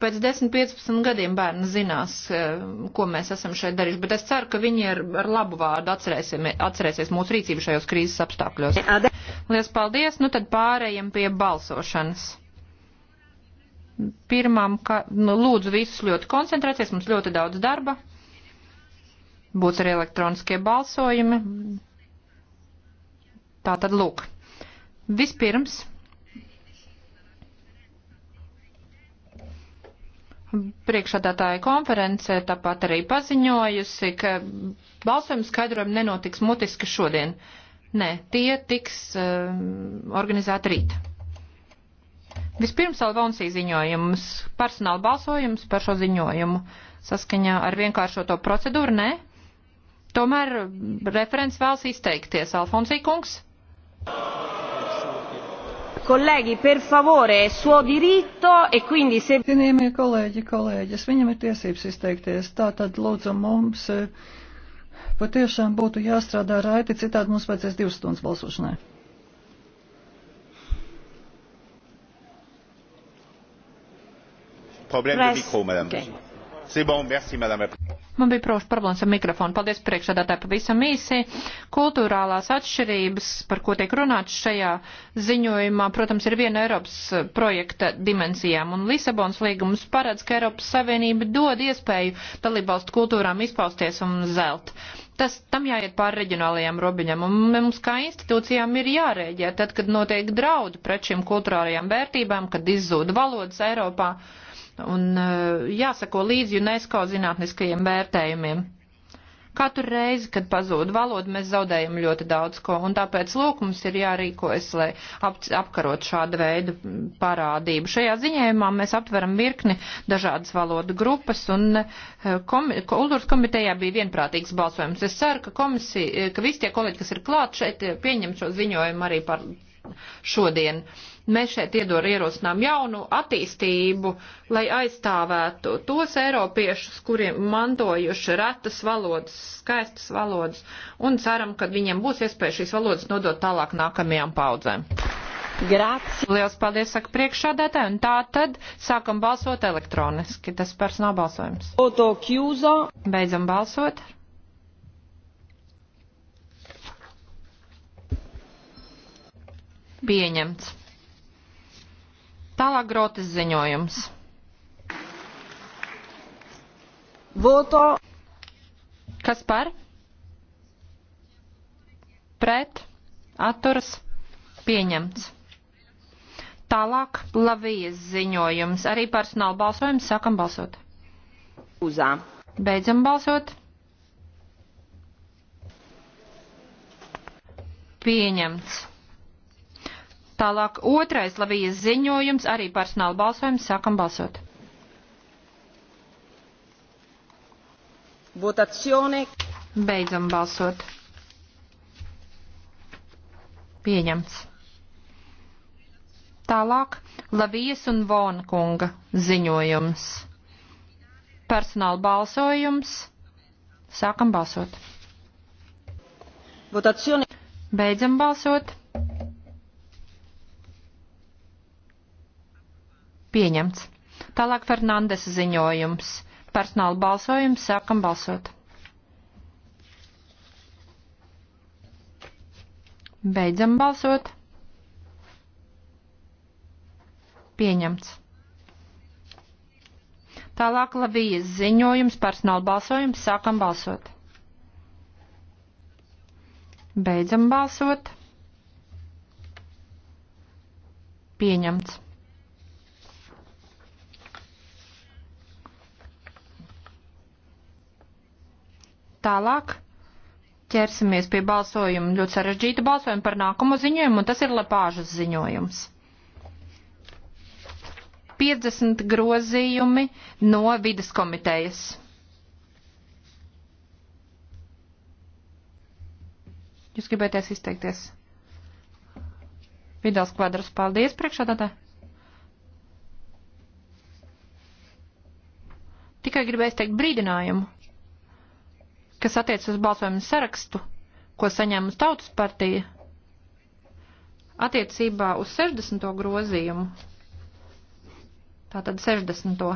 pēc 10-15 gadiem bērni zinās, eh, ko mēs esam šeit darījuši, bet es ceru, ka viņi ar, ar labu vārdu atcerēsies mūsu rīcību šajos krīzes apstākļos. Lielas paldies, nu tad pārējiem pie balsošanas. Pirmām, ka, nu, lūdzu visus ļoti koncentrēties, mums ļoti daudz darba. Būs arī elektroniskie balsojumi. Tā tad lūk. Vispirms priekšādātāja konference tāpat arī paziņojusi, ka balsojuma skaidrojumi nenotiks mutiski šodien. Nē, tie tiks uh, organizēti rīt. Vispirms Alvonsī ziņojums, personāla balsojums par šo ziņojumu saskaņā ar vienkāršoto procedūru, nē. Tomēr referents vēlas izteikties. Alfonsī kungs. Kolēģi, per favore, suo diritto e quindi se... Cienījamie kolēģi, kolēģis, viņam ir tiesības izteikties. Tā tad lūdzu mums eh, patiešām būtu jāstrādā raiti, citādi mums vajadzēs divas stundas balsošanai. Problēma ir mikro, madame. Okay. Man bija prošu problēmas ar mikrofonu. Paldies priekšādātāji pavisam īsi. Kultūrālās atšķirības, par ko tiek runāts šajā ziņojumā, protams, ir viena Eiropas eh, projekta dimensijām. Un Lisabons līgums paredz, ka Eiropas Savienība dod iespēju dalībvalstu kultūrām izpausties un zelt tas tam jāiet pāri reģionālajām robežām, un mums kā institūcijām ir jārēģē tad, kad notiek draudi pret šīm kultūrālajām vērtībām, kad izzūd valodas Eiropā. Uh, un eh, jāsako līdzi UNESCO zinātniskajiem vērtējumiem. Katru reizi, kad pazūd valoda, mēs zaudējam ļoti daudz ko, un tāpēc lūk mums ir jārīkojas, lai ap, apkarot šādu veidu parādību. Šajā ziņējumā mēs aptveram virkni dažādas valodu grupas, un eh, komi, kultūras komitejā bija vienprātīgs balsojums. Es ceru, ka, komisija, eh, ka visi tie kolēģi, kas ir klāt šeit, pieņem šo ziņojumu arī par šodien. Uh, Mēs šeit iedor ierosinām jaunu attīstību, lai aizstāvētu tos eiropiešus, kuriem mantojuši retas valodas, skaistas valodas, un ceram, ka viņiem būs iespēja šīs valodas nodot tālāk nākamajām paudzēm. Grāts. Liels paldies, saka priekšādētāji, un tā tad sākam balsot elektroniski. Tas personāla balsojums. Oto Kjūza. Beidzam balsot. Pieņemts. Tālāk grotas ziņojums. Voto. Kas par? Pret. Atturas. Pieņemts. Tālāk Lavijas ziņojums. Arī personāla balsojums. Sākam balsot. Uzā. Beidzam balsot. Pieņemts. Tālāk otrais Lavijas ziņojums, arī personāla balsojums, sākam balsot. Votazione. Beidzam balsot. Pieņemts. Tālāk Lavijas un Vona kunga ziņojums. Personāla balsojums. Sākam balsot. Votazione. Beidzam balsot. Pieņemts. Tālāk Fernandes ziņojums. Personāla balsojums. Sākam balsot. Beidzam balsot. Pieņemts. Tālāk Lavijas ziņojums, personāla balsojums, sākam balsot. Beidzam balsot. Pieņemts. Tālāk ķersimies pie balsojuma, ļoti sarežģīta balsojuma par nākamo ziņojumu, un tas ir Lepāžas ziņojums. 50 grozījumi no vidas komitejas. Jūs gribēties izteikties? Vidāls kvadrs, paldies priekšādātā. Tikai gribēju teikt brīdinājumu kas attiec uz balsojumu sarakstu, ko saņēma Tautas partija, attiecībā uz 60. grozījumu. Tātad 60.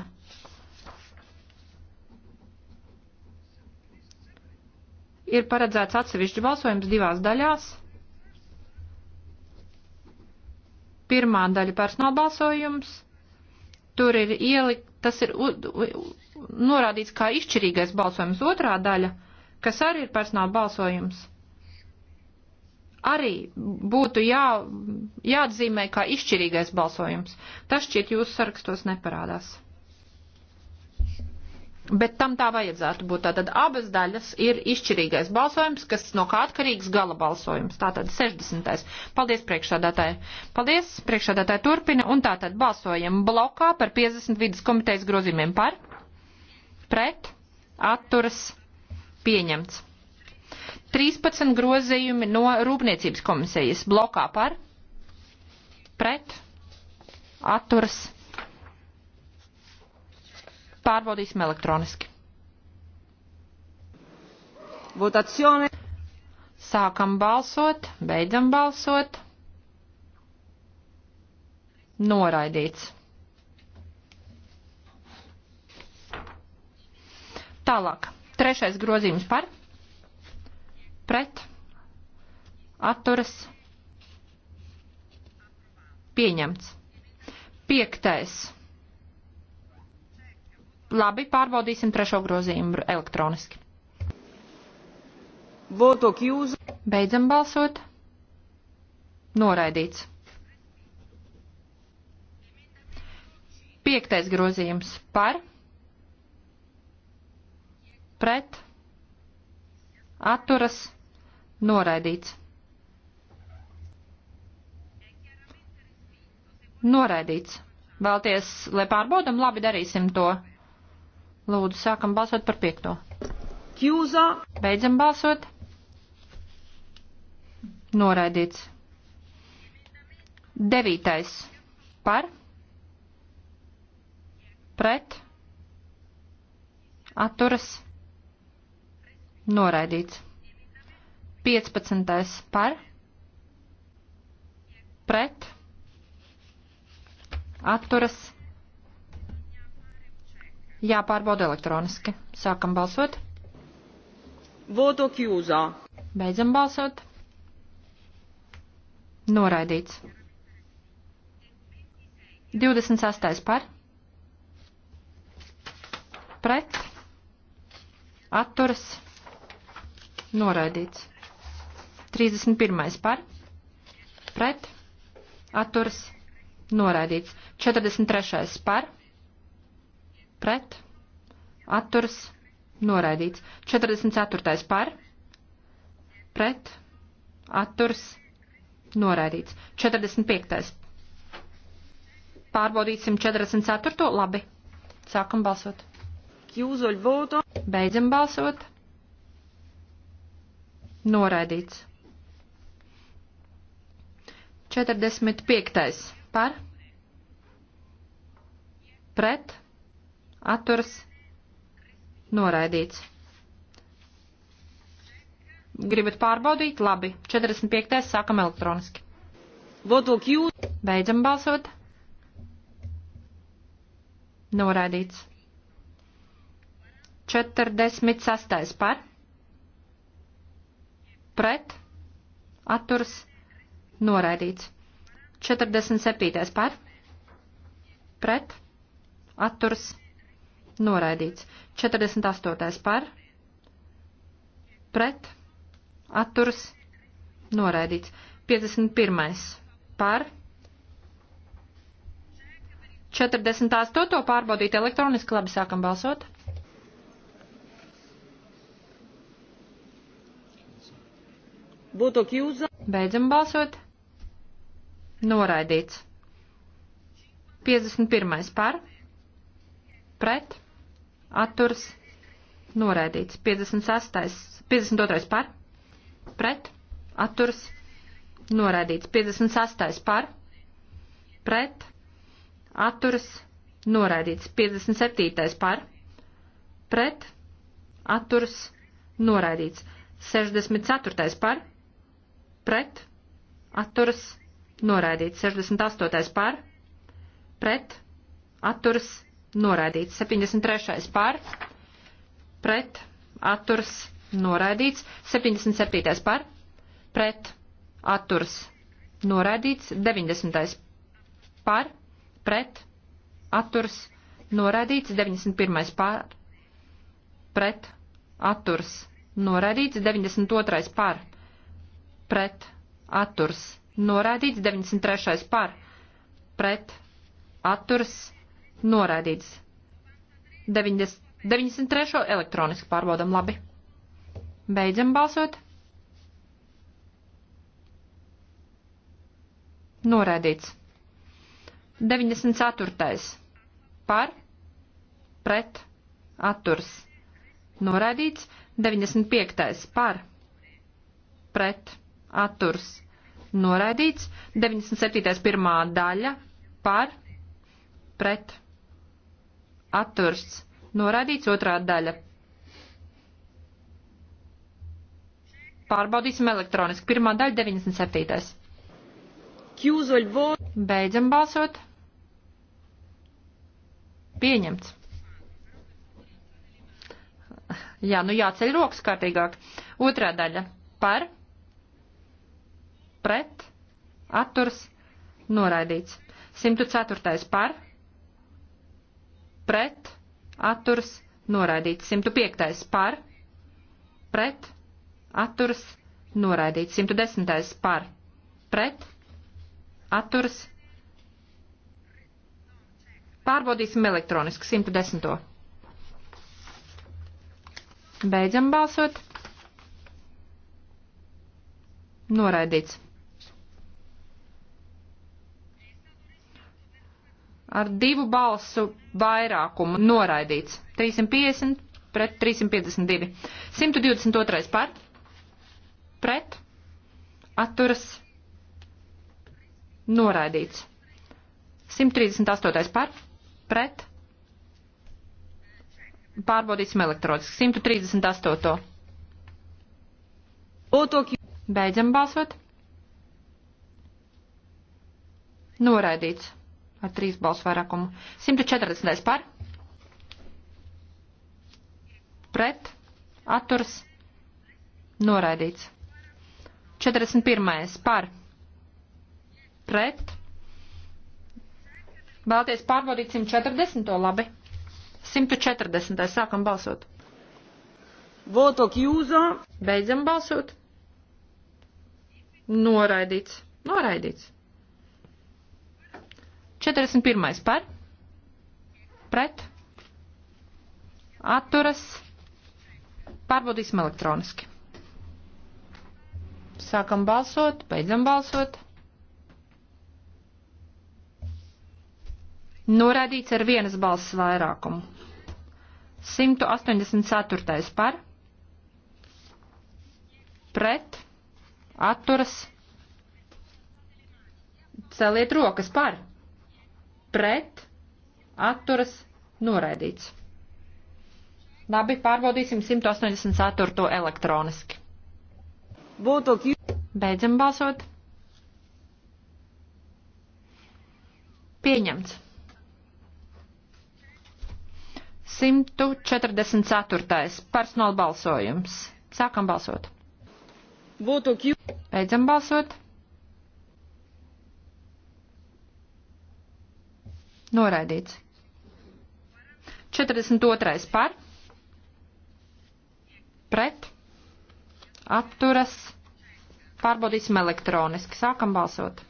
Ir paredzēts atsevišķi balsojums divās daļās. Pirmā daļa personāla balsojums. Tur ir ielikt, tas ir u, u, norādīts kā izšķirīgais balsojums. Otrā daļa kas arī ir personāla balsojums, arī būtu jā, jāatzīmē kā izšķirīgais balsojums. Tas šķiet jūsu sarakstos neparādās. Bet tam tā vajadzētu būt. Tātad abas daļas ir izšķirīgais balsojums, kas no kā atkarīgs gala balsojums. Tātad 60. Paldies priekšādātāji. Paldies, priekšādātāji turpina. Un tātad balsojam blokā par 50 vidas komitejas grozījumiem par, pret, atturas Pieņemts. 13 grozījumi no Rūpniecības komisijas blokā par, pret, atturas. Pārbaudīsim elektroniski. Votacione. Sākam balsot, beidzam balsot. Noraidīts. Tālāk. Trešais grozījums par, pret, atturas, pieņemts. Piektais. Labi, pārbaudīsim trešo grozījumu elektroniski. Beidzam balsot. Noraidīts. Piektais grozījums par pret, atturas, noraidīts. Noraidīts. Vēlties, lai pārbaudam, labi darīsim to. Lūdzu, sākam balsot par piekto. Kjūzā. Beidzam balsot. Noraidīts. Devītais. Par. Pret. Atturas. Noraidīts. 15. par. Pret. Atturas. Jāpārbauda elektroniski. Sākam balsot. Voto kjūzā. Beidzam balsot. Noraidīts. 26. par. Pret. Atturas. Noraidīts. 31. par. Pret. Atturs. Noraidīts. 43. par. Pret. Atturs. Noraidīts. 44. par. Pret. Atturs. Noraidīts. 45. Pārbaudīsim 44. Labi. Sākam balsot. Beidzam balsot. Noraidīts. 45. par pret atturs noraidīts. Gribat pārbaudīt? Labi. 45. sākam elektroniski. Vodok jū. Beidzam balsot. Noraidīts. 46. par pret, atturas, noraidīts. 47. par, pret, atturas, noraidīts. 48. par, pret, atturas, noraidīts. 51. par, 48. pārbaudīt elektroniski, labi sākam balsot. Būtu kjūza. Beidzam balsot. Noraidīts. 51. par. Pret. Atturs. Noraidīts. 56. 52. par. Pret. Atturs. Noraidīts. 58. par. Pret. Atturs. Noraidīts. 57. par. Pret. Atturs. Noraidīts. 64. par pret, atturas, noraidīts. 68. par, pret, atturas, noraidīts. 73. par, pret, atturas, noraidīts. 77. par, pret, atturas, noraidīts. 90. par, pret, atturas, noraidīts. 91. par, pret, atturas, noraidīts. 92. par, pret, atturs, noraidīts. 93. par, pret, atturs, noraidīts. 90, 93. elektroniski pārbaudam labi. Beidzam balsot. Noraidīts. 94. Par, pret, atturs. Noraidīts. 95. Par, pret, atturs noraidīts. 97. pirmā daļa par pret atturs noraidīts. Otrā daļa. Pārbaudīsim elektroniski. Pirmā daļa 97. Beidzam balsot. Pieņemts. Jā, nu jāceļ rokas kārtīgāk. Otrā daļa par pret, atturs, noraidīts. 104. par, pret, atturs, noraidīts. 105. par, pret, atturs, noraidīts. 110. par, pret, atturs. Pārbaudīsim elektroniski 110. Beidzam balsot. Noraidīts. ar divu balsu vairākumu noraidīts. 350 pret 352. 122 par, pret, atturas, noraidīts. 138 par, pret, pārbaudīsim elektroniski. 138. Beidzam balsot. Noraidīts ar trīs balsu vairākumu. 140. par. Pret. Atturs. Noraidīts. 41. par. Pret. Vēlties pārbaudīt 140. labi. 140. sākam balsot. Voto Kjūzo. Beidzam balsot. Noraidīts. Noraidīts. 41. par, pret, atturas, pārbaudīsim elektroniski. Sākam balsot, beidzam balsot. Norādīts ar vienas balss vairākumu. 184. par, pret, atturas, celiet rokas par pret, atturas, noraidīts. Labi, pārbaudīsim 184. elektroniski. Beidzam balsot. Pieņemts. 144. personāla balsojums. Sākam balsot. Beidzam balsot. Noraidīts. 42. par. Pret. Atturas. Pārbaudīsim elektroniski. Sākam balsot.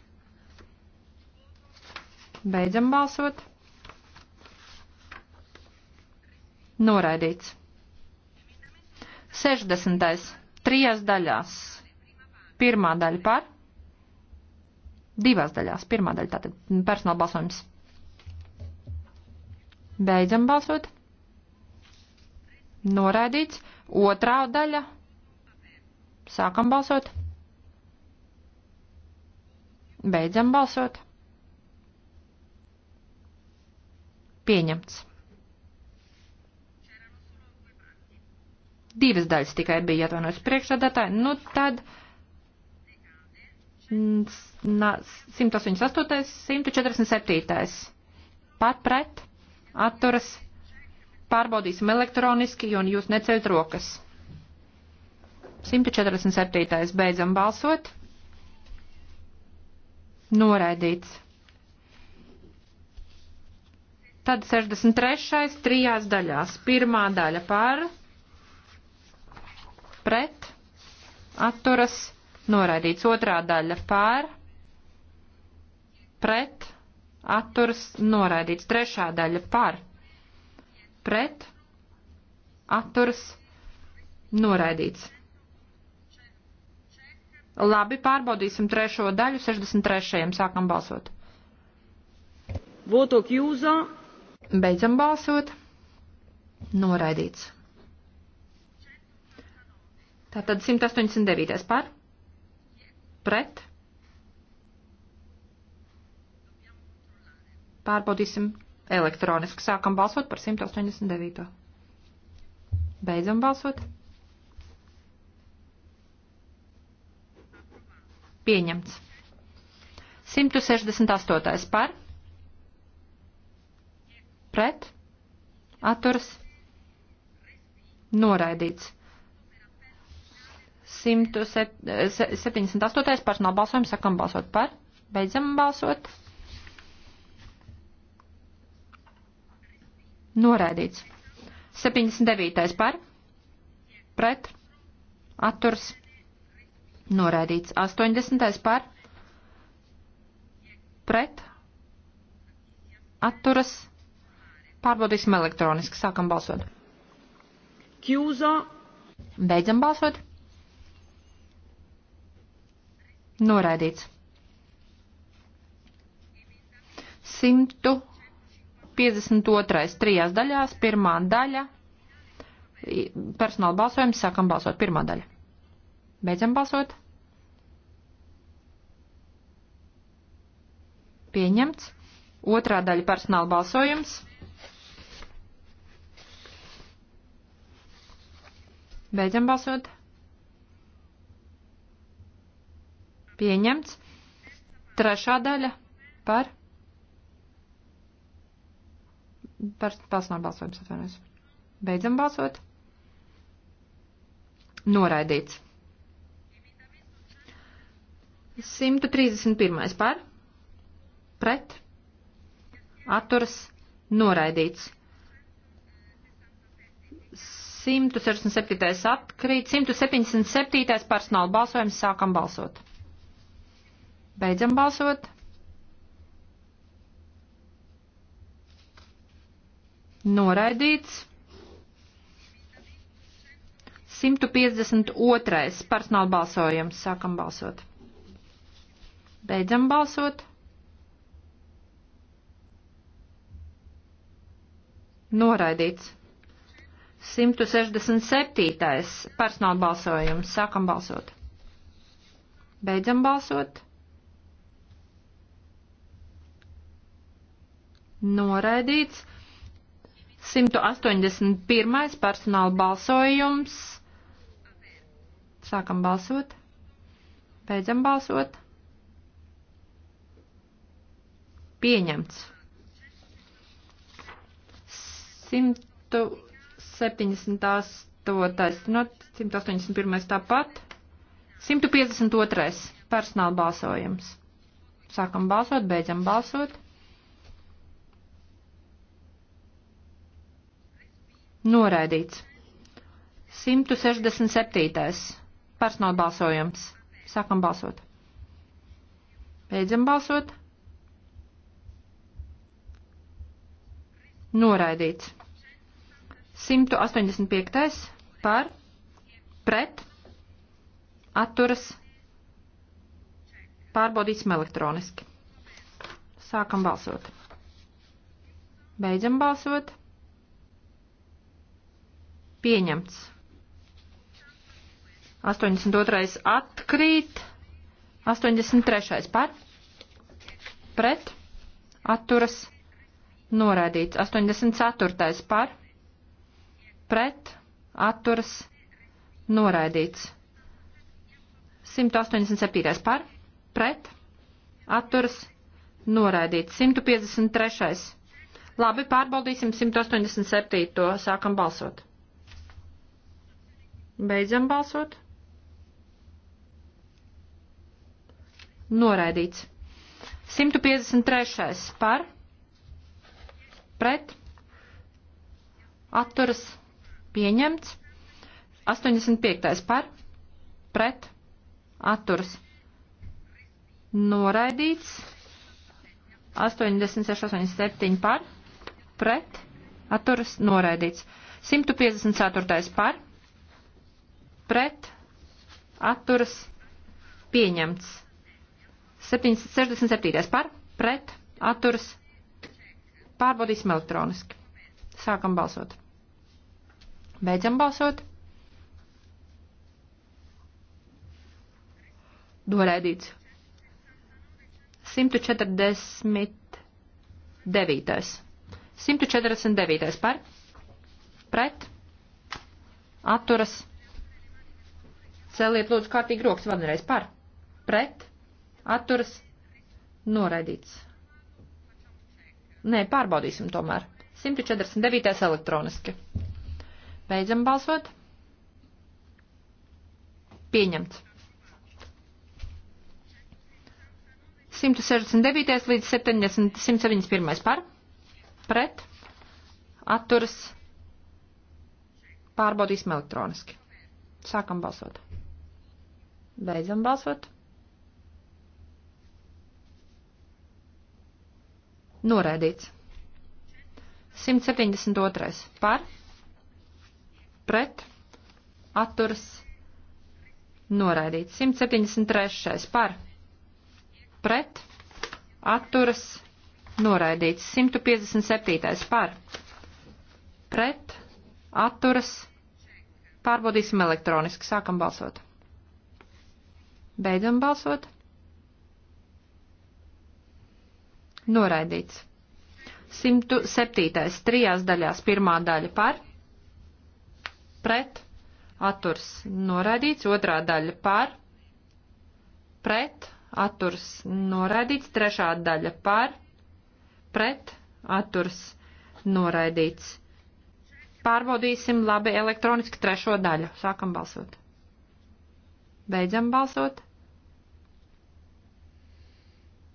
Beidzam balsot. Noraidīts. 60. Trijās daļās. Pirmā daļa par. Divās daļās. Pirmā daļa tātad personāla balsojums Beidzam balsot. Noraidīts. Otrā daļa. Sākam balsot. Beidzam balsot. Pieņemts. Divas daļas tikai bija atvainojas priekšsādātāji. Nu tad. 188. 147. Pat pret atturas, pārbaudīsim elektroniski, jo jūs neceļat rokas. 147. beidzam balsot. Noraidīts. Tad 63. trijās daļās. Pirmā daļa par, pret, atturas, noraidīts. Otrā daļa par, pret, atturas noraidīts. Trešā daļa par pret atturas noraidīts. Labi, pārbaudīsim trešo daļu, 63. sākam balsot. Votok jūzā. Beidzam balsot. Noraidīts. Tātad 189. par. Pret. Pārbaudīsim elektroniski. Sākam balsot par 189. Beidzam balsot. Pieņemts. 168. par. Pret. Atturas. Noraidīts. 178. personāla balsojums. Sakam balsot par. Beidzam balsot. Noraidīts. 79. par. Pret. Atturs. Noraidīts. 80. par. Pret. Atturas. Pārbaudīsim elektroniski. Sākam balsot. Kjūzo. Beidzam balsot. Noraidīts. 100. 52. trijās daļās, pirmā daļa, personāla balsojums, sākam balsot, pirmā daļa. Beidzam balsot. Pieņemts. Otrā daļa personāla balsojums. Beidzam balsot. Pieņemts. Trešā daļa par Par personālu balsojumu atvainojos. Beidzam balsot. Noraidīts. 131. par, pret, atturas, noraidīts. 167. atkrīt, 177. personāla balsojums sākam balsot. Beidzam balsot. noraidīts. 152. personāla balsojums. Sākam balsot. Beidzam balsot. Noraidīts. 167. personāla balsojums. Sākam balsot. Beidzam balsot. Noraidīts. 181. personāla balsojums. Sākam balsot. Beidzam balsot. Pieņemts. 178. No 181. tāpat. 152. personāla balsojums. Sākam balsot, beidzam balsot. Noraidīts. 167. Personāla balsojums. Sākam balsot. Beidzam balsot. Noraidīts. 185. par, pret, atturas, pārbaudīsim elektroniski. Sākam balsot. Beidzam balsot. Pieņemts. 82. atkrīt. 83. par. Pret. Atturas. Noraidīts. 84. par. Pret. Atturas. Noraidīts. 187. par. Pret. Atturas. Noraidīts. 153. Labi, pārbaudīsim 187. Sākam balsot. Beidzam balsot. Noraidīts. 153. par. Pret. Atturas. Pieņemts. 85. par. Pret. Atturas. Noraidīts. 86, 87 par. Pret. Atturas. Noraidīts. 154. par pret, atturas, pieņemts. 67. par, pret, atturas, pārbaudīsim elektroniski. Sākam balsot. Beidzam balsot. Noraidīts. 149. 149. par, pret, atturas, pieņemts Celiet lūdzu kārtīgi rokas vēlreiz par. Pret. Atturas. Noraidīts. Nē, pārbaudīsim tomēr. 149. elektroniski. Beidzam balsot. Pieņemts. 169. līdz 70, 171. par. Pret. Atturas. Pārbaudīsim elektroniski. Sākam balsot. Beidzam balsot. Noraidīts. 172. Par. Pret. Atturas. Noraidīts. 173. Par. Pret. Atturas. Noraidīts. 157. Par. Pret. Atturas. Pārbaudīsim elektroniski. Sākam balsot. Beidzam balsot. Noraidīts. 107. trijās daļās pirmā daļa par, pret, atturs noraidīts, otrā daļa par, pret, atturs noraidīts, trešā daļa par, pret, atturs noraidīts. Pārbaudīsim labi elektroniski trešo daļu. Sākam balsot. Beidzam balsot.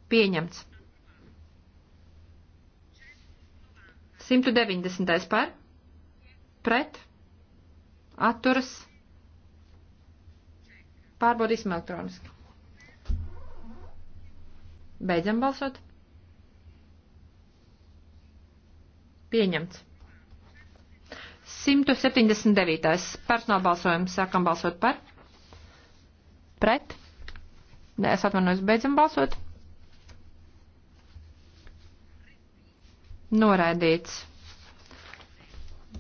Pieņemts. 190. par, pret, atturas, pārbaudīsim elektroniski. Beidzam balsot. Pieņemts. 179. personāla balsojums. Sākam balsot par. Pret. Nē, es atvainojos, beidzam balsot. Noraidīts.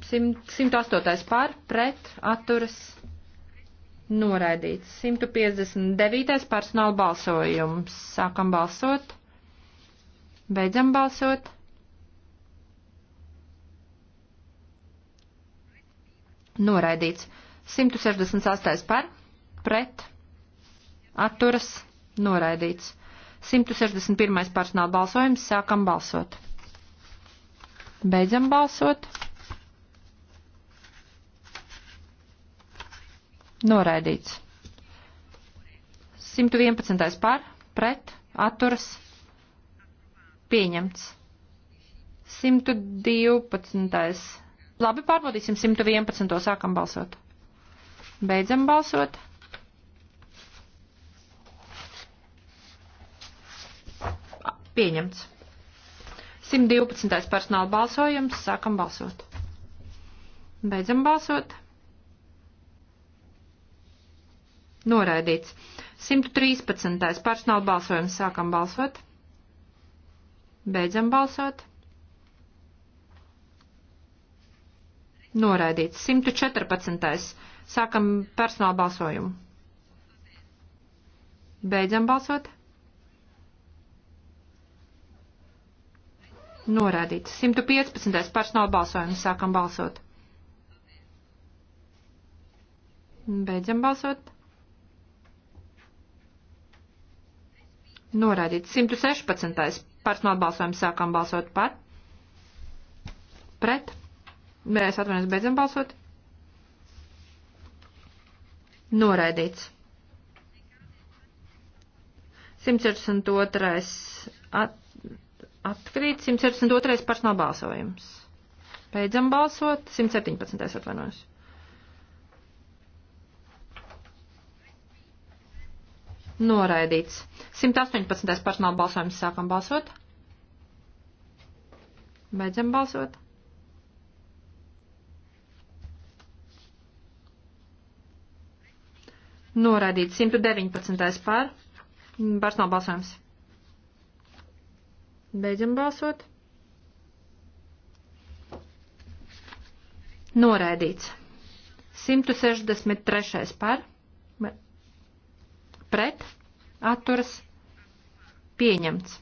108. pār pret atturas noraidīts. 159. personāla balsojums. Sākam balsot. Beidzam balsot. Noraidīts. 168. par pret atturas noraidīts. 161. personāla balsojums. Sākam balsot. Beidzam balsot. Noraidīts. 111. par, pret, atturas, pieņemts. 112. Labi, pārbaudīsim 111. sākam balsot. Beidzam balsot. Pieņemts. 112. personāla balsojums. Sākam balsot. Beidzam balsot. Noraidīts. 113. personāla balsojums. Sākam balsot. Beidzam balsot. Noraidīts. 114. Sākam personāla balsojumu. Beidzam balsot. Norādīts. 115. personāla balsojums. Sākam balsot. Beidzam balsot. Norādīts. 116. personāla balsojums. Sākam balsot par. Pret. Mēs atvainojamies, beidzam balsot. Noraidīts. 162. At, Atkrīt 172. personāla balsojums. Beidzam balsot. 117. atvainojos. Noraidīts. 118. personāla balsojums sākam balsot. Beidzam balsot. Noraidīts 119. par. Personāla balsojums. Beidzam balsot. Noraidīts. 163. par. Pret. Atturas. Pieņemts.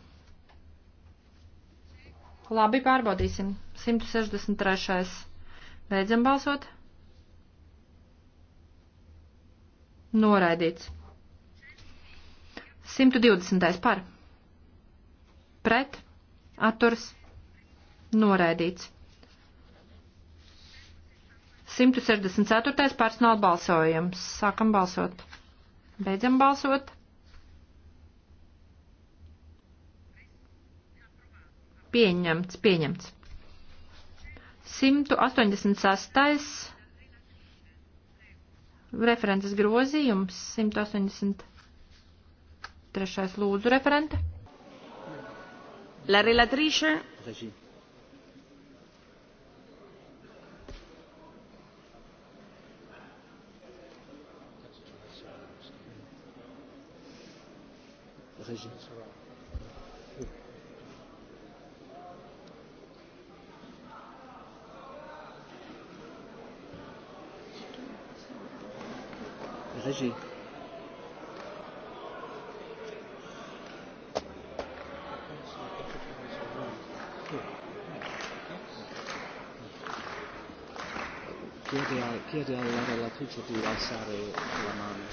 Labi, pārbaudīsim. 163. Beidzam balsot. Noraidīts. 120. par pret, atturs, noraidīts. 164. personāla balsojums. Sākam balsot. Beidzam balsot. Pieņemts, pieņemts. 186. Referentes grozījums. 183. lūdzu referente. La relatrice? Régis. chiede alla relatrice di alzare la mano.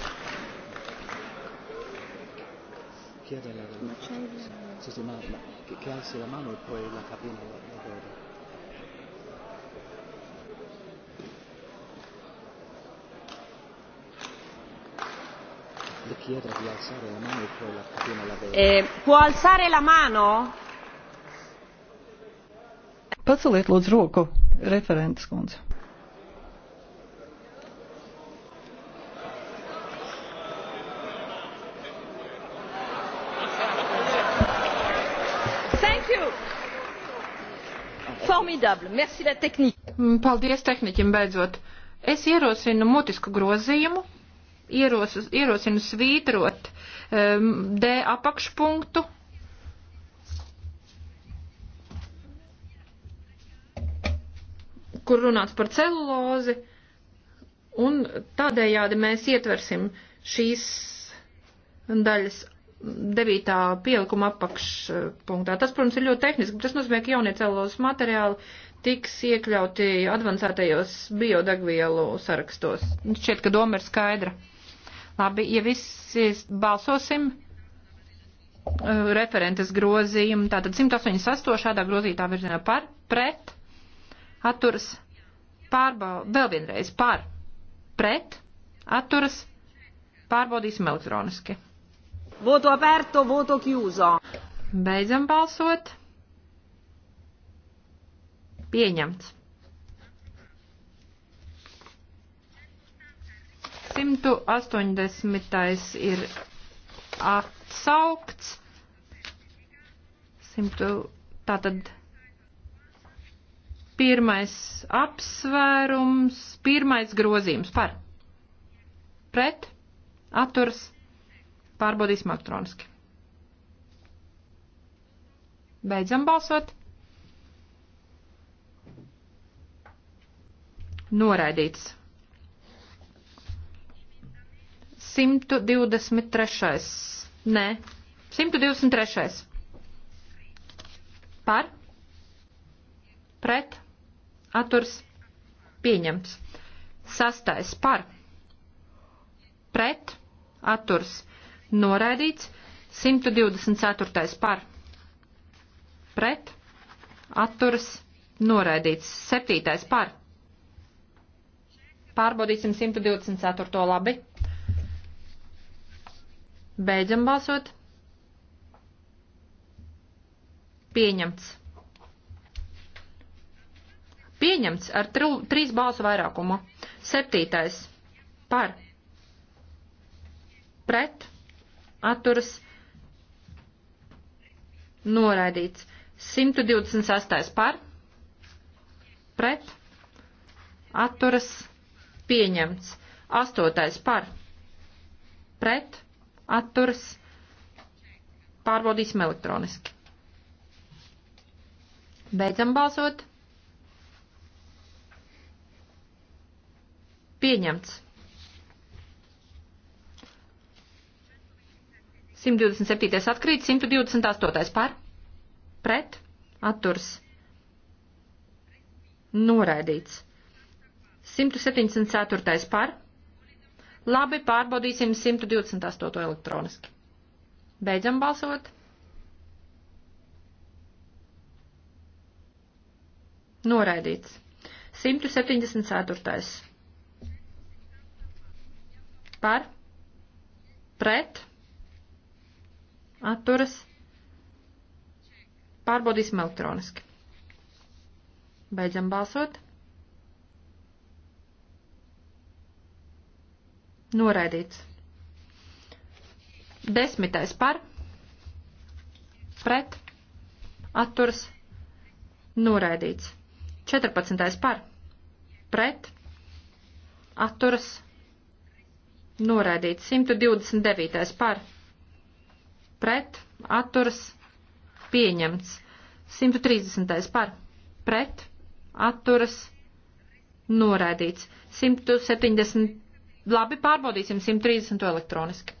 Chiede alla relatrice sì, sì, ma, ma, che, che alzi la mano e poi la cabina la, la vede. Le chiedo di alzare la mano e poi la cabina la vede. Eh, può alzare la mano? Paceliet lūdzu roku, referents kundze. formidable. Merci la technique. Mm, paldies tehniķim beidzot. Es ierosinu mutisku grozījumu, ieros, ierosinu svītrot um, D apakšpunktu. kur runāts par celulozi, un tādējādi mēs ietversim šīs daļas devītā pielikuma apakšpunktā. Tas, protams, ir ļoti tehniski, bet tas nozīmē, ka jaunie celos materiāli tiks iekļauti advancētajos biodegvielu sarakstos. Šķiet, ka doma ir skaidra. Labi, ja visi balsosim eh, referentes grozījumu, tātad 188 šādā grozītā virzienā par, pret, atturas, pārbauda, vēl vienreiz par, pret, atturas, pārbaudīsim elektroniski. Voto aperto, voto chiuso. Beidzam balsot. Pieņemts. 180. ir atsaukts. 100, tātad pirmais apsvērums, pirmais grozījums par pret, atturs, Pārbaudīsim elektroniski. Beidzam balsot. Noraidīts. 123. Nē, 123. Par, pret, atturs, pieņemts. Sastais par, pret, atturs, pieņemts noraidīts, 124. par, pret, atturas, noraidīts, 7. par. Pārbaudīsim 124. labi. Beidzam balsot. Pieņemts. Pieņemts ar tru, trīs balsu vairākumu. Septītais. Par. Pret atturas noraidīts. 128. par, pret, atturas pieņemts. 8. par, pret, atturas pārbaudīsim elektroniski. Beidzam balsot. Pieņemts. 127. atkrīt, 128. par, pret, atturs, noraidīts. 174. par, labi, pārbaudīsim 128. elektroniski. Beidzam balsot. Noraidīts. 174. Par, pret, atturas. Pārbaudīsim elektroniski. Beidzam balsot. Noraidīts. Desmitais par, pret, atturas, noraidīts. Četrpadsmitais par, pret, atturas, noraidīts. 129. par, pret pret, atturas, pieņemts. 130. par, pret, atturas, noraidīts. 170. Labi, pārbaudīsim 130 elektroniski.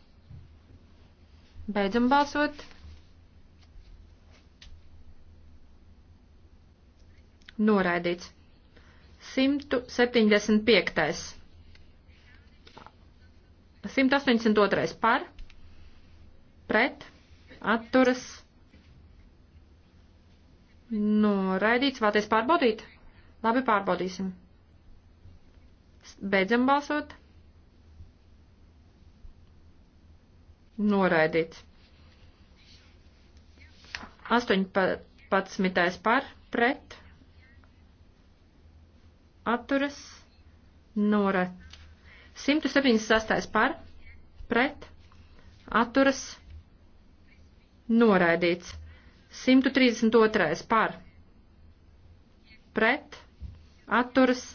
Beidzam balsot. Noraidīts. 175. 182. par, pret, atturas, noraidīts, vēlties pārbaudīt? Labi, pārbaudīsim. Beidzam balsot. Noraidīts. 18. par, pret, atturas, noraidīts. 176. par, pret, atturas, noraidīts Noraidīts. 132. par. Pret. Atturas.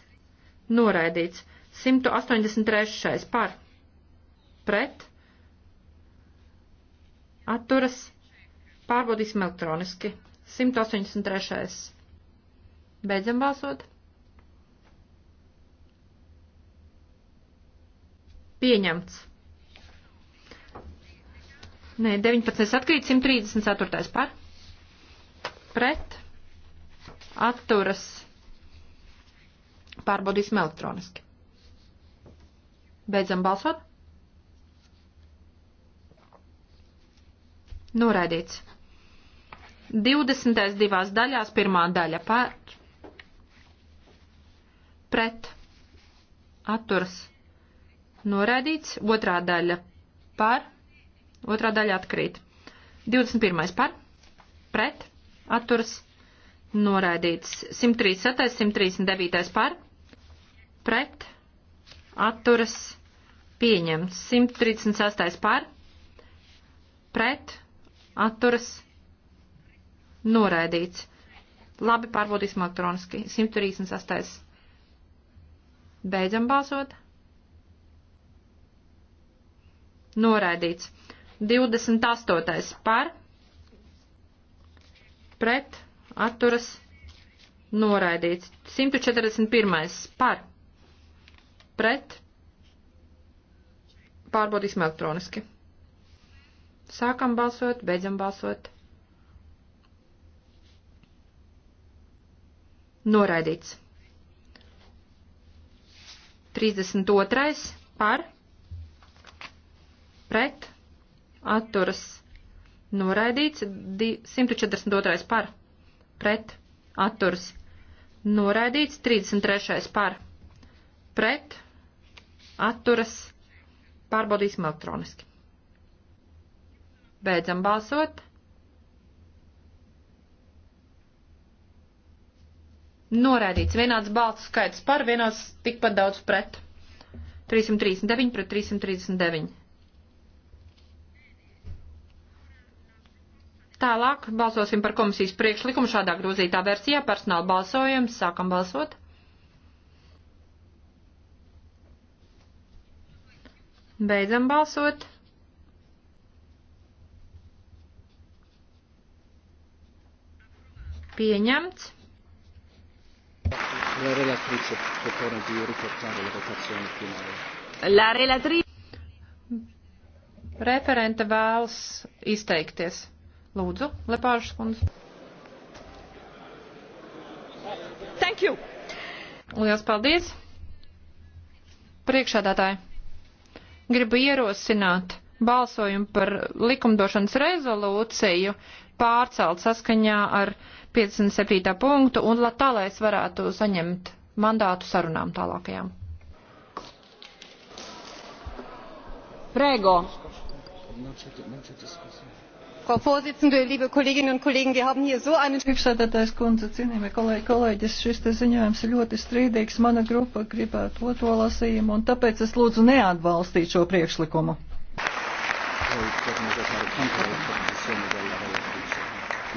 Noraidīts. 183. par. Pret. Atturas. Pārbaudīsim elektroniski. 183. Beidzam balsot. Pieņemts. Nē, 19. atkrīt, 134. par. Pret. Atturas. Pārbaudīsim elektroniski. Beidzam balsot. Noraidīts. 20. divās daļās, pirmā daļa par. Pret. Atturas. Noraidīts. Otrā daļa par Otrā daļa atkrīt. 21. par, pret, atturas, noraidīts. 137, 139 par, pret, atturas, pieņemts. 136 par, pret, atturas, noraidīts. Labi, pārbaudīsim elektroniski. 138. Beidzam balsot. Noraidīts. 28. par pret atturas noraidīts. 141. par pret pārbaudīsim elektroniski. Sākam balsot, beidzam balsot. Noraidīts. 32. par pret atturas noraidīts, 142. par pret atturas noraidīts, 33. par pret atturas pārbaudīsim elektroniski. Beidzam balsot. Noraidīts vienāds balsu skaits par, vienāds tikpat daudz pret. 339 pret 339. Tālāk balsosim par komisijas priekšlikumu šādā grozītā versijā. Personāla balsojums. Sākam balsot. Beidzam balsot. Pieņemts. La relatrice propone di riportare la votazione finale. La relatrice. Referente vēlas izteikties. Lūdzu, Lepāžas kundze. Thank you. Lielas paldies. Priekšādātāji, gribu ierosināt balsojumu par likumdošanas rezolūciju pārcelt saskaņā ar 57. punktu un tā, lai es varētu saņemt mandātu sarunām tālākajām. Prego. Non c'è, non c'è discussione. Frau Vorsitzende, liebe Kolleginnen und Kollegen, wir haben hier so einen. Priekšsēdētājs kundze, cienījamie kolēģi, kolēģis, šis te ziņojums ir ļoti strīdīgs. Mana grupa gribētu to, to lasījumu, un tāpēc es lūdzu neatbalstīt šo priekšlikumu.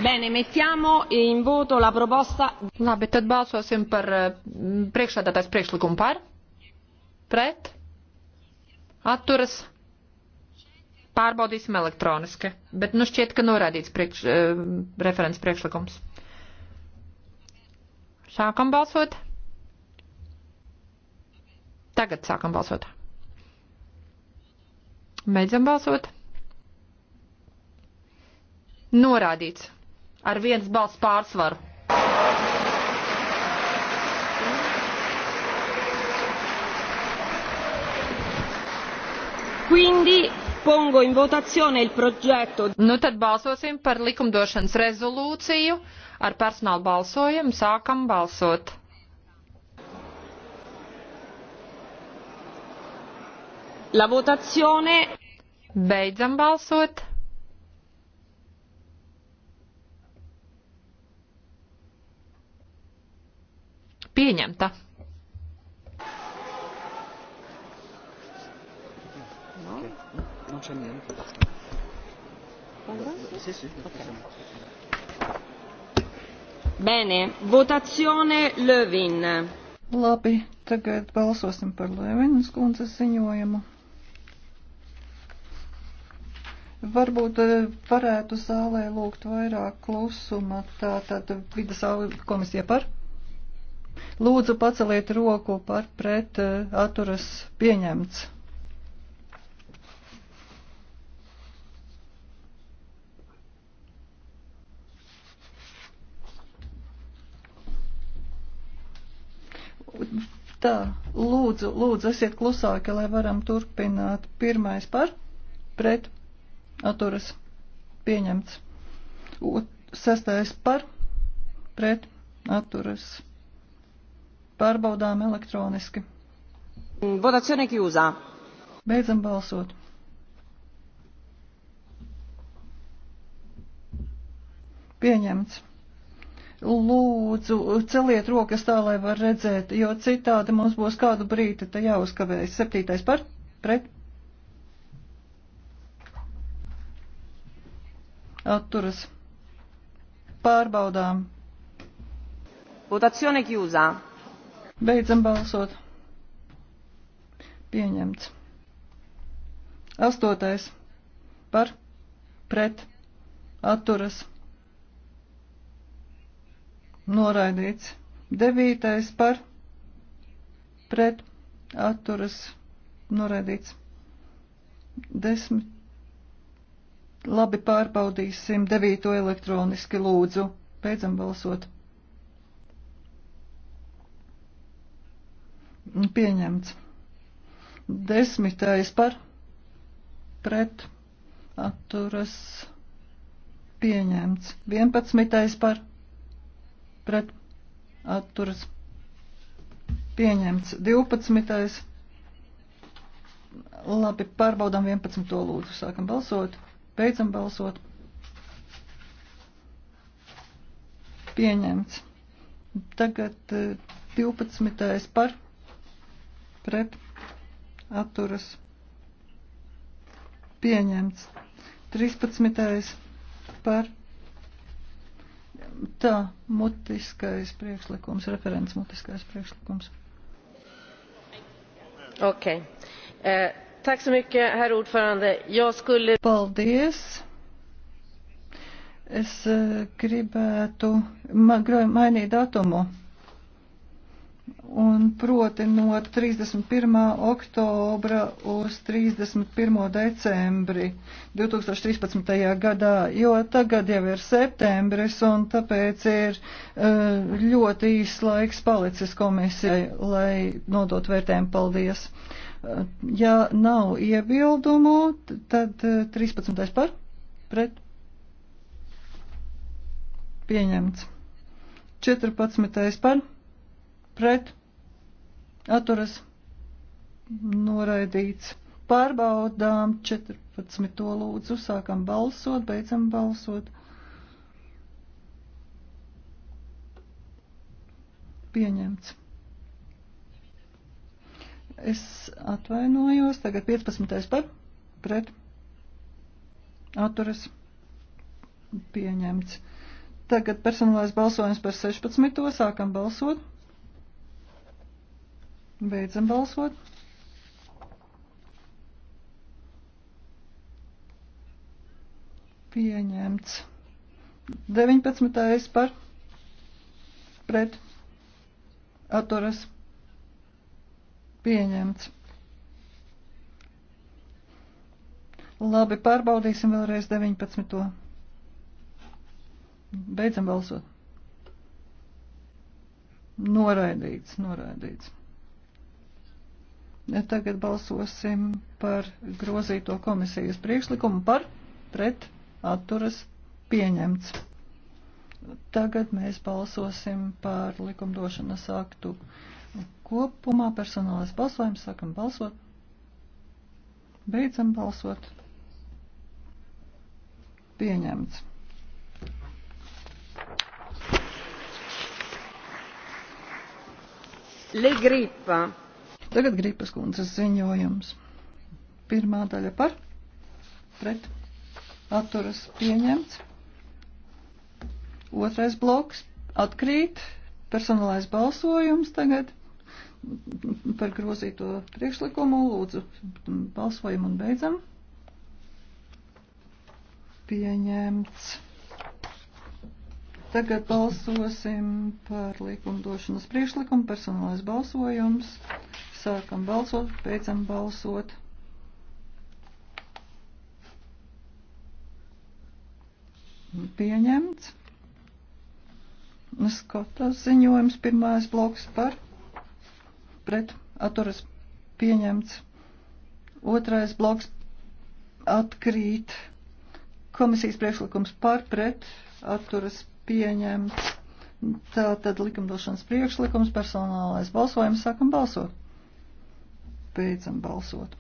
Bene, mettiamo in voto la proposta. Labi, tad balsosim par eh, priekšsēdētājs priekšlikumu par, pret, atturas. Pārbaudīsim elektroniski, bet nu šķiet, ka norādīts priekš, uh, referents priekšlikums. Sākam balsot. Tagad sākam balsot. Beidzam balsot. Norādīts. Ar viens balss pārsvaru. Quindi Pongo in votazione il progetto. Nu tad balsosim par likumdošanas rezolūciju. Ar personālu balsojumu sākam balsot. La votazione. Beidzam balsot. Pieņemta. funzionieren. Bene, votazione Lövin. Labi, tagad balsosim par Lēvinas kundzes ziņojumu. Varbūt eh, varētu zālē lūgt vairāk klusuma, tā tad vidas komisija par. Lūdzu, paceliet roku par pret eh, atturas pieņemts. Tā, lūdzu, lūdzu, esiet klusāki, lai varam turpināt. Pirmais par, pret, atturas, pieņemts. Ot, sestais par, pret, atturas. Pārbaudām elektroniski. Votazione chiusa. Beidzam balsot. Pieņemts. Lūdzu, celiet rokas tā, lai var redzēt, jo citādi mums būs kādu brīdi, te jāuzkavējas. Septītais par, pret. Atturas. Pārbaudām. Votazione chiusa. Beidzam balsot. Pieņemts. Astotais. Par. Pret. Atturas noraidīts. Devītais par pret atturas noraidīts. Desmit. Labi pārbaudīsim devīto elektroniski lūdzu. Beidzam balsot. Pieņemts. Desmitais par pret atturas pieņemts. Vienpadsmitais par pret pret atturas pieņemts 12. Labi, pārbaudām 11. lūdzu, sākam balsot, beidzam balsot. Pieņemts. Tagad 12. Eh, par pret atturas pieņemts. 13. par pret tā mutiskais priekšlikums, referents mutiskais priekšlikums. Ok. Uh, eh, Tack så mycket, herr ordförande. Jag skulle... Paldies. Es eh, gribētu mainīt datumu un proti no 31. oktobra uz 31. decembri 2013. gadā, jo tagad jau ir septembris un tāpēc ir e, ļoti īs laiks palicis komisijai, lai nodot vērtējumu paldies. E, ja nav iebildumu, tad 13. E, par pret pieņemts. 14. par pret atturas noraidīts. Pārbaudām 14. lūdzu, sākam balsot, beidzam balsot. Pieņemts. Es atvainojos, tagad 15. par pret atturas pieņemts. Tagad personālais balsojums par 16. sākam balsot. Beidzam balsot. Pieņemts. 19. par pret atturas pieņemts. Labi, pārbaudīsim vēlreiz 19. Beidzam balsot. Noraidīts, noraidīts. Tagad balsosim par grozīto komisijas priekšlikumu par pret atturas pieņemts. Tagad mēs balsosim par likumdošanas aktu kopumā. Personālais balsojums sākam balsot. Beidzam balsot. Pieņemts. Le gripa. Tagad gripas kundzes ziņojums. Pirmā daļa par, pret, atturas pieņemts. Otrais bloks atkrīt, personālais balsojums tagad par grozīto priekšlikumu. Lūdzu, balsojam un beidzam. Pieņemts. Tagad balsosim par likumdošanas priekšlikumu, personālais balsojums. Sākam balsot, beidzam balsot. Pieņemts. Skotas ziņojums pirmais bloks par pret atturas pieņemts. Otrais bloks atkrīt. Komisijas priekšlikums par pret atturas pieņemts. Tātad likumdošanas priekšlikums, personālais balsojums, sākam balsot. Beidzam balsot.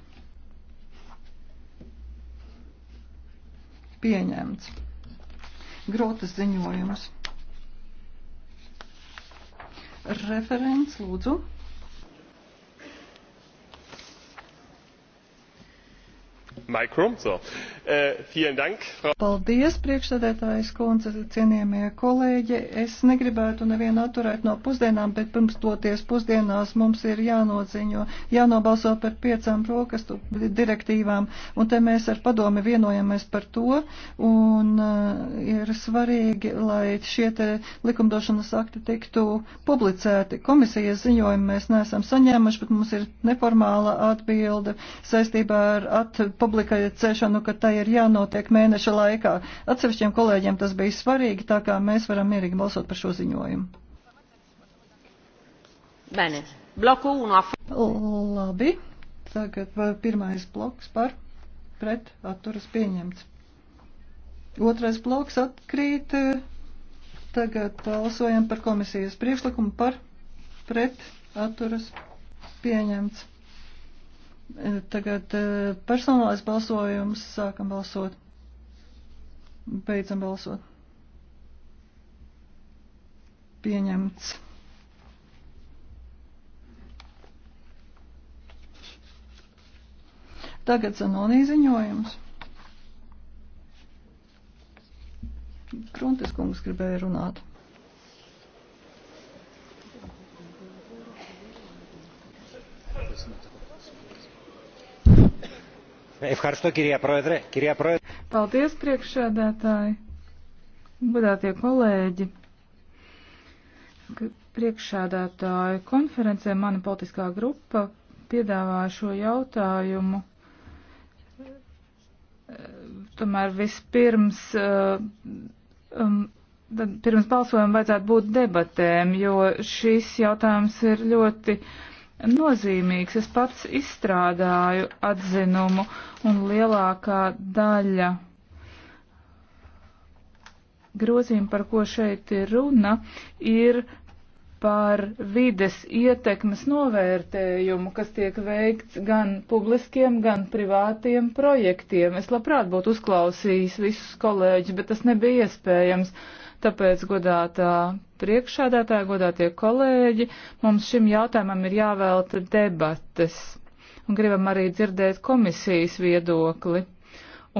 Pieņemts. Grotas ziņojums. Referents, lūdzu. So. Uh, Paldies, priekšsēdētājas kundze, cienījamie kolēģi. Es negribētu nevienu atturēt no pusdienām, bet pirms toties pusdienās mums ir jānodziņo, jānobalso par piecām rokastu direktīvām. Un te mēs ar padomi vienojamies par to. Un uh, ir svarīgi, lai šie te likumdošanas akti tiktu publicēti. Komisijas ziņojumu mēs neesam saņēmuši, bet mums ir neformāla atbilde saistībā ar atpublikāciju publicēšanu, ka tai ir jānotiek mēneša laikā. Atsevišķiem kolēģiem tas bija svarīgi, tā kā mēs varam mierīgi balsot par šo ziņojumu. Bene. Bloku 1. Labi. Tagad pirmais bloks par pret atturas pieņemts. Otrais bloks atkrīt. Tagad balsojam par komisijas priekšlikumu par pret atturas pieņemts. Eh, tagad eh, personālais balsojums. Sākam balsot. Beidzam balsot. Pieņemts. Tagad Zanonī ziņojums. Kruntis kungs gribēja runāt. Tas nav tā. Paldies, priekšsēdētāji, godātie kolēģi. Priekšsēdētāju konferencē mana politiskā grupa piedāvāja šo jautājumu tomēr vispirms, eh, um, pirms balsojuma vajadzētu būt debatēm, jo šis jautājums ir ļoti nozīmīgs. Es pats izstrādāju atzinumu un lielākā daļa grozījumu, par ko šeit ir runa, ir par vides ietekmes novērtējumu, kas tiek veikts gan publiskiem, gan privātiem projektiem. Es labprāt būtu uzklausījis visus kolēģus, bet tas nebija iespējams. Uh, Tāpēc, godātā priekšādātāja, godātie kolēģi, mums šim jautājumam ir jāvēlta debates. Un gribam arī dzirdēt komisijas viedokli.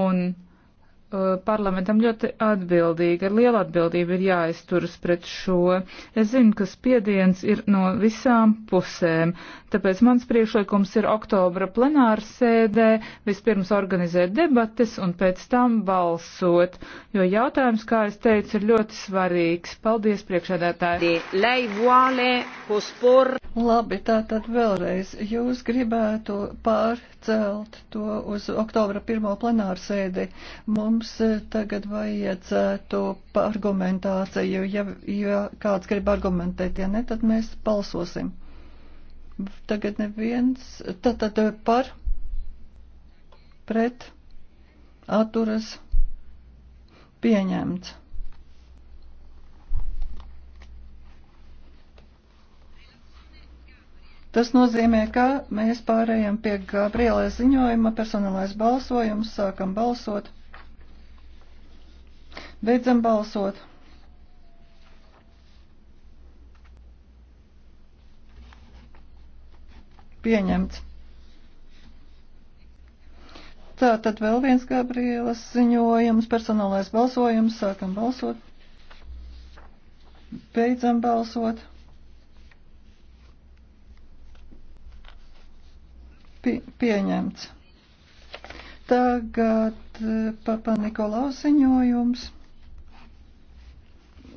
Un Eh, parlamentam ļoti atbildīgi, ar lielu atbildību ir jāizturas pret šo. Es zinu, ka spiediens ir no visām pusēm, tāpēc mans priekšlikums ir oktobra plenāra sēdē vispirms organizēt debates un pēc tam balsot, jo jautājums, kā es teicu, ir ļoti svarīgs. Paldies, priekšādātāji! Labi, tātad vēlreiz jūs gribētu pārcelt to uz oktobra pirmo plenāru sēdi. Mums Mums e, tagad vajadzētu argumentāciju. Ja, ja kāds grib argumentēt, ja ne, tad mēs balsosim. Tagad neviens. Tad, tad e, par, pret, atturas, pieņemts. Tas nozīmē, ka mēs pārējām pie Gabrielē ziņojuma, personālais balsojums, sākam balsot. Beidzam balsot. Pieņemts. Tā tad vēl viens Gabrielas ziņojums, personālais balsojums, sākam balsot. Beidzam balsot. Pie, pieņemts. Tagad eh, papa Nikolaus ziņojums.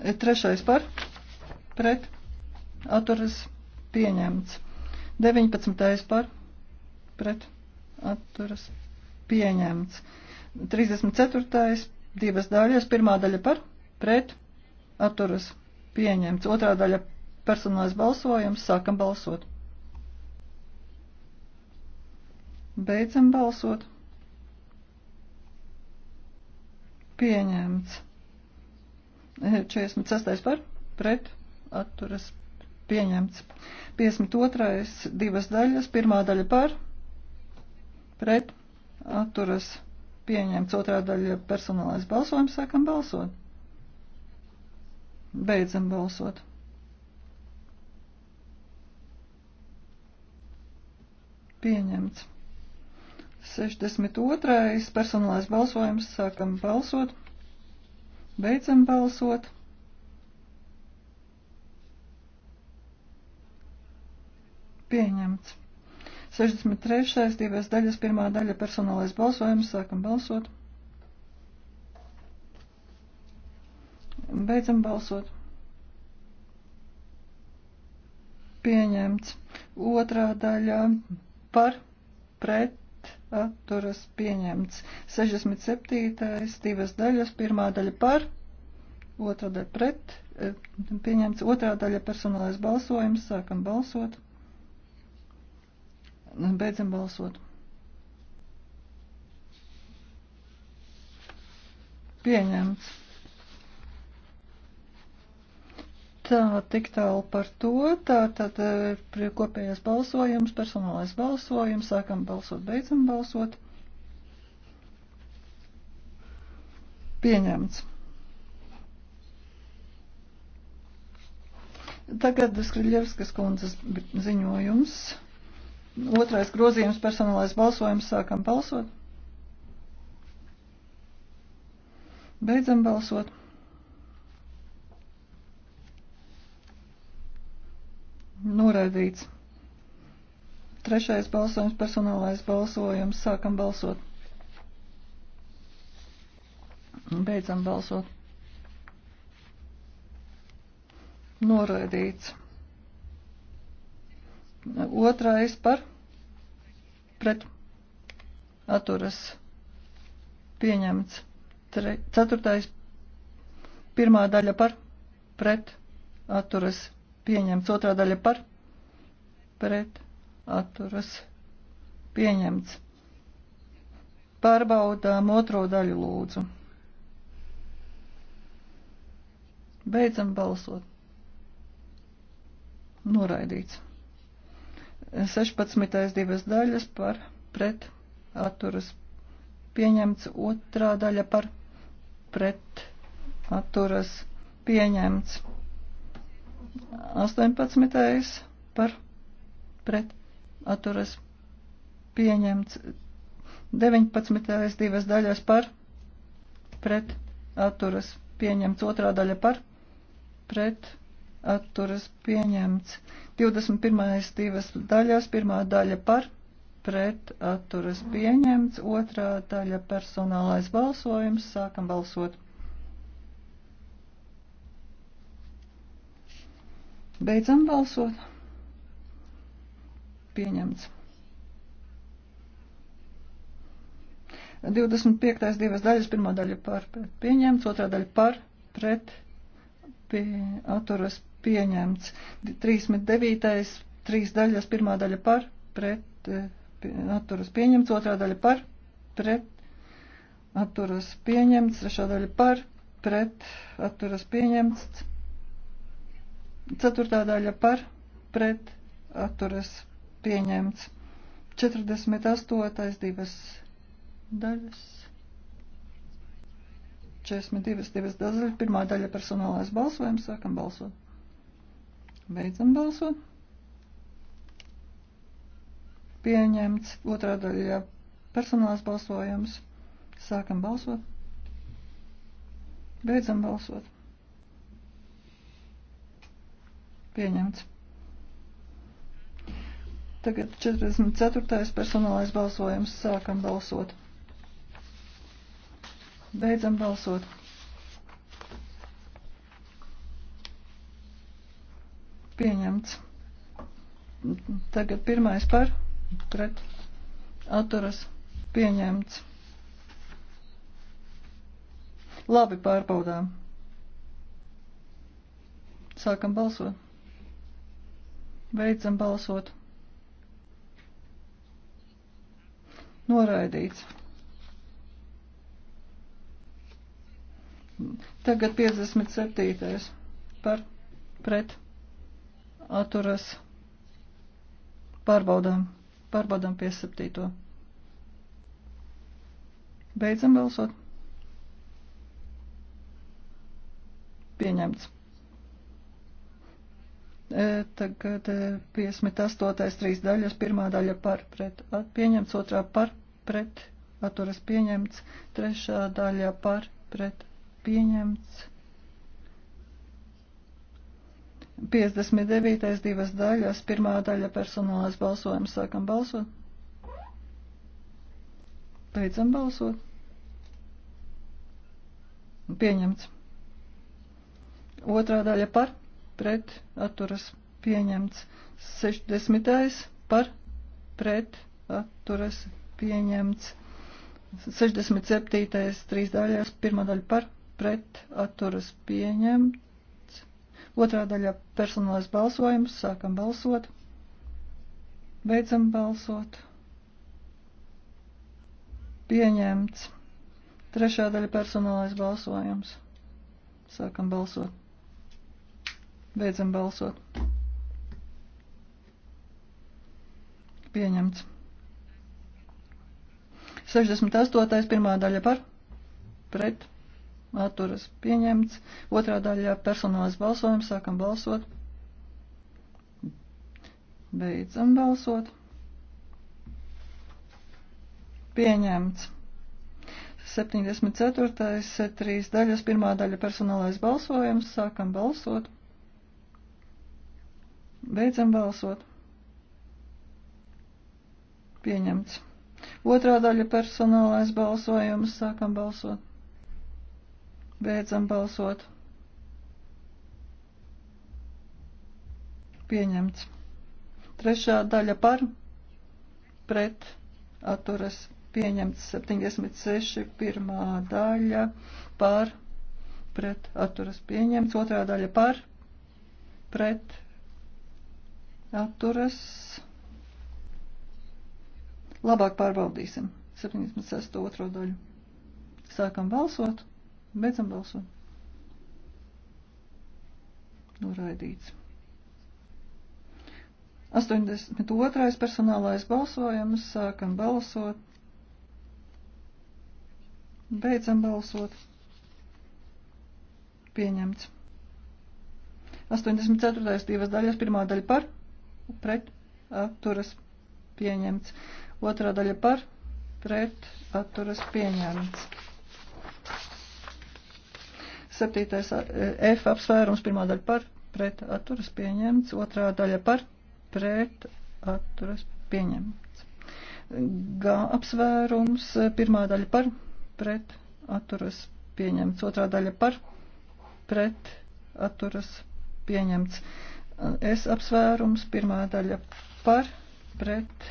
Trešais par pret atturas pieņemts. 19. par pret atturas pieņemts. 34. divas daļas. Pirmā daļa par pret atturas pieņemts. Otrā daļa personālais balsojums. Sākam balsot. Beidzam balsot. Pieņemts. 46. par pret atturas pieņemts. 52. divas daļas, pirmā daļa par pret atturas pieņemts, otrā daļa personālais balsojums, sākam balsot. Beidzam balsot. Pieņemts. 62. personālais balsojums, sākam balsot. Beidzam balsot. Pieņemts. 63. divas daļas, pirmā daļa personālais balsojums, sākam balsot. Beidzam balsot. Pieņemts. Otrā daļa par, pret, atturas pieņemts. 67. divas daļas, pirmā daļa par, otrā daļa pret, e, pieņemts otrā daļa personālais balsojums, sākam balsot, beidzam balsot. Pieņemts. Tā, tik tālu par to. Tā tad ir kopējais balsojums, personālais balsojums. Sākam balsot, beidzam balsot. Pieņemts. Tagad Skriļevskas kundzes ziņojums. Otrais grozījums, personālais balsojums. Sākam balsot. Beidzam balsot. Noraidīts. Trešais balsojums, personālais balsojums. Sākam balsot. Beidzam balsot. Noraidīts. Otrais par pret atturas pieņemts. Tre, ceturtais pirmā daļa par pret atturas pieņemts pieņemts. Otrā daļa par pret atturas pieņemts. Pārbaudām otro daļu lūdzu. Beidzam balsot. Noraidīts. 16. divas daļas par pret atturas pieņemts. Otrā daļa par pret atturas pieņemts. 18. par pret atturas pieņemts. 19. divas daļas par pret atturas pieņemts. Otrā daļa par pret atturas pieņemts. 21. divas daļas, pirmā daļa par pret atturas pieņemts, otrā daļa personālais balsojums, sākam balsot. Beidzam balsot. Pieņemts. 25. divas daļas, pirmā daļa par pret, pieņemts, otrā daļa par pret pie, atturas pieņemts. 39. trīs daļas, pirmā daļa par pret eh, pie, atturas pieņemts, otrā daļa par pret atturas pieņemts, trešā daļa par pret atturas pieņemts. Ceturtā daļa par pret atturas pieņemts. 48. divas daļas. 42. divas daļas. Pirmā daļa personālais balsojums. Sākam balsot. Beidzam balsot. Pieņemts. Otrā daļa personālais balsojums. Sākam balsot. Beidzam balsot. Pieņemts. Tagad 44. personālais balsojums. Sākam balsot. Beidzam balsot. Pieņemts. Tagad pirmais par, pret, atturas, pieņemts. Labi pārbaudām. Sākam balsot. Beidzam balsot. Noraidīts. Tagad 57. par pret atturas pārbaudām. Pārbaudām 57. Beidzam balsot. Pieņemts. E, tagad 58. E, trīs daļas, pirmā daļa par pret pieņemts, otrā par pret atturas pieņemts, trešā daļa par pret pieņemts. 59. divas daļas, pirmā daļa personālais balsojums, sākam balsot. Beidzam balsot. Pieņemts. Otrā daļa par pret pret atturas pieņemts. 60. par pret atturas pieņemts. 67. trīs daļās, pirmā daļa par pret atturas pieņemts. Otrā daļa personālais balsojums, sākam balsot. Beidzam balsot. Pieņemts. Trešā daļa personālais balsojums. Sākam balsot. Beidzam balsot. Pieņemts. 68. pirmā daļa par, pret, atturas pieņemts. Otrā daļa personāls balsojums, sākam balsot. Beidzam balsot. Pieņemts. 74. trīs daļas, pirmā daļa personālais balsojums, sākam balsot. Beidzam balsot. Pieņemts. Otrā daļa personālais balsojums. Sākam balsot. Beidzam balsot. Pieņemts. Trešā daļa par, pret, atturas. Pieņemts 76. pirmā daļa par, pret, atturas. Pieņemts otrā daļa par, pret, atturas. Labāk pārbaudīsim. 76. otro daļu. Sākam balsot, beidzam balsot. Noraidīts. 82. personālais balsojums. Sākam balsot. Beidzam balsot. Pieņemts. 84. divas daļas, pirmā daļa par, pret atturas pieņemts. Otrā daļa par pret atturas pieņemts. Septītais e, F apsvērums, pirmā daļa par pret atturas pieņemts, otrā daļa par pret atturas pieņemts. G apsvērums, pirmā daļa par pret atturas pieņemts, otrā daļa par pret atturas pieņemts. Es apsvērums, pirmā daļa par, pret,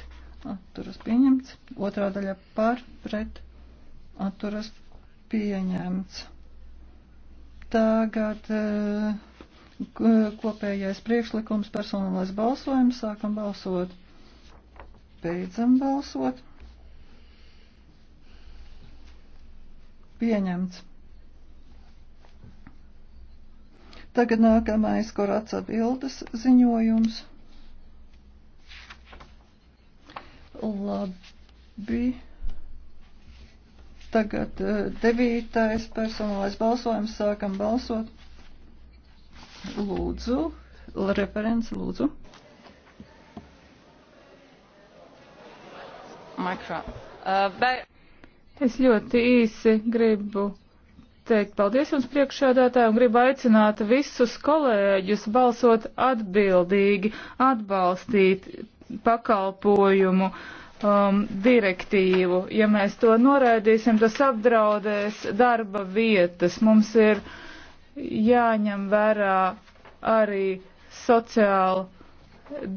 atturas pieņemts, otrā daļa par, pret, atturas pieņemts. Tagad eh, kopējais priekšlikums personālais balsojums, sākam balsot, beidzam balsot. Pieņemts. Tagad nākamais Koraca Bildes ziņojums. Labi. Tagad eh, devītais personālais balsojums. Sākam balsot. Lūdzu. Referents, lūdzu. Mikro. Uh, eh, bet... Es ļoti īsi gribu teikt paldies jums priekšādātāji un gribu aicināt visus kolēģus balsot atbildīgi, atbalstīt pakalpojumu um, direktīvu. Ja mēs to noraidīsim, tas apdraudēs darba vietas. Mums ir jāņem vērā arī sociāla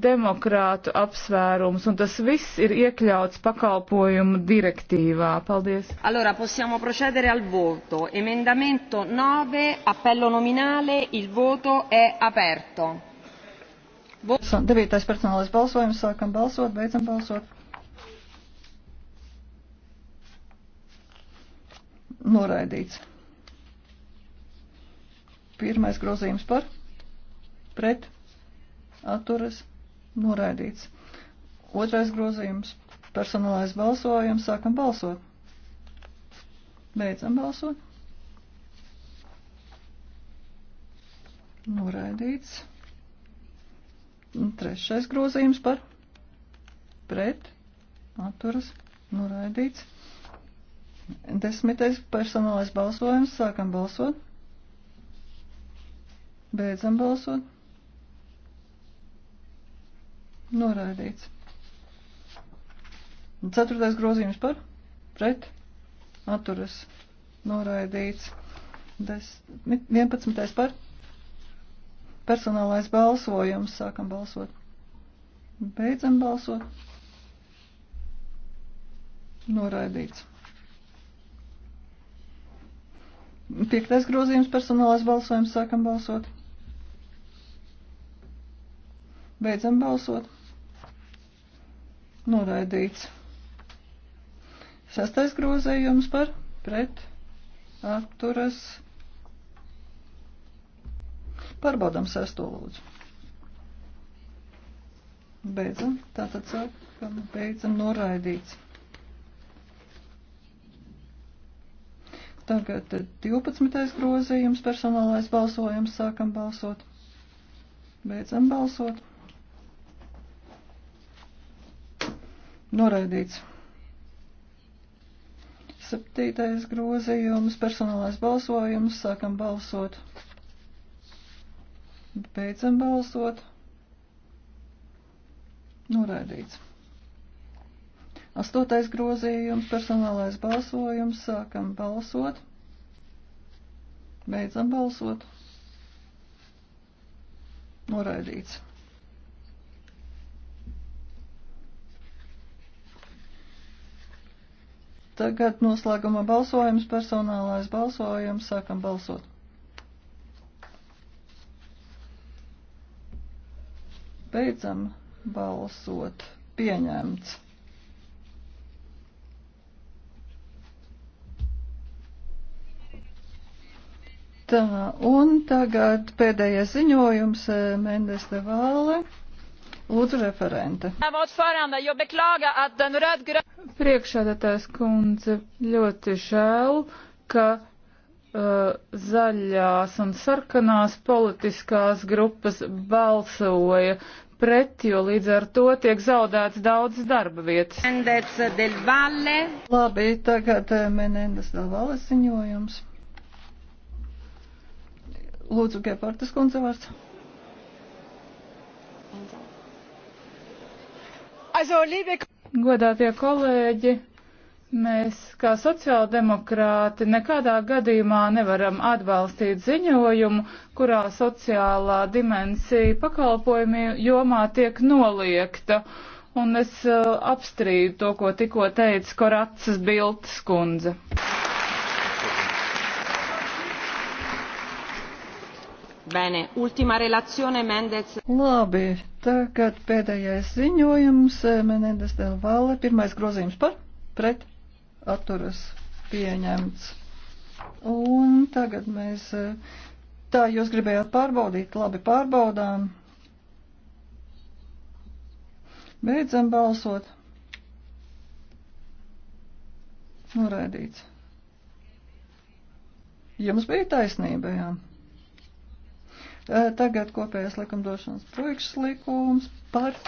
demokrātu apsvērums, un tas viss ir iekļauts pakalpojumu direktīvā. Paldies. Allora, possiamo procedere al voto. Emendamento 9, appello nominale, il voto è aperto. Vot... Devītais personālais balsojums, sākam balsot, beidzam balsot. Noraidīts. Pirmais grozījums par, pret, atturas noraidīts. Otrais grozījums - personālais balsojums. Sākam balsot. Beidzam balsot. Noraidīts. Trešais grozījums par pret atturas noraidīts. Desmitais personālais balsojums. Sākam balsot. Beidzam balsot. Noraidīts. Ceturtais grozījums par? Pret? Atturas. Noraidīts. Des, 11. par? Personālais balsojums. Sākam balsot. Beidzam balsot. Noraidīts. Piektais grozījums personālais balsojums. Sākam balsot. Beidzam balsot. Noraidīts. Sastais grozējums par pret atturas. Pārbaudam sesto lūdzu. Beidzam. Tātad sākam, beidzam noraidīts. Tagad 12. grozījums, personālais balsojums, sākam balsot. Beidzam balsot. Noraidīts. Septītais grozījums, personālais balsojums, sākam balsot. Beidzam balsot. Noraidīts. Astotais grozījums, personālais balsojums, sākam balsot. Beidzam balsot. Noraidīts. Tagad noslēguma balsojums, personālais balsojums, sākam balsot. Beidzam balsot. Pieņemts. Tā, un tagad pēdējais ziņojums eh, Mendes de Vāle. Lūdzu, referente. Priekšādātājs kundze ļoti žēl, ka uh, zaļās un sarkanās politiskās grupas balsoja pret, jo līdz ar to tiek zaudēts daudz darba vietas. Labi, tagad uh, Menendes del Valle ziņojums. Lūdzu, Gepartas kundze vārds. Godātie kolēģi, mēs kā sociāldemokrāti nekādā gadījumā nevaram atbalstīt ziņojumu, kurā sociālā dimensija pakalpojumi jomā tiek noliekta. Un es uh, apstrīdu to, ko tikko teica Koracas Biltas kundze. Bene, ultima relazione Mendes. Labi, tagad pēdējais ziņojums eh, Menendes del Valle. Pirmais grozījums par, pret, atturas pieņemts. Un tagad mēs, eh, tā jūs gribējāt pārbaudīt, labi pārbaudām. Beidzam balsot. Noraidīts. Jums bija taisnība, jā. Eh, tagad kopējais likumdošanas priekšlikums par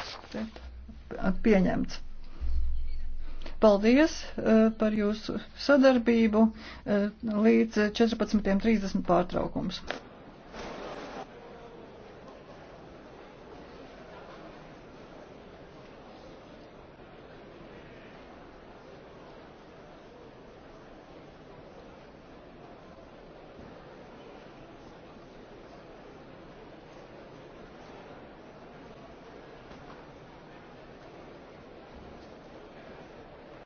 pieņemts. Paldies eh, par jūsu sadarbību eh, līdz 14.30 pārtraukums.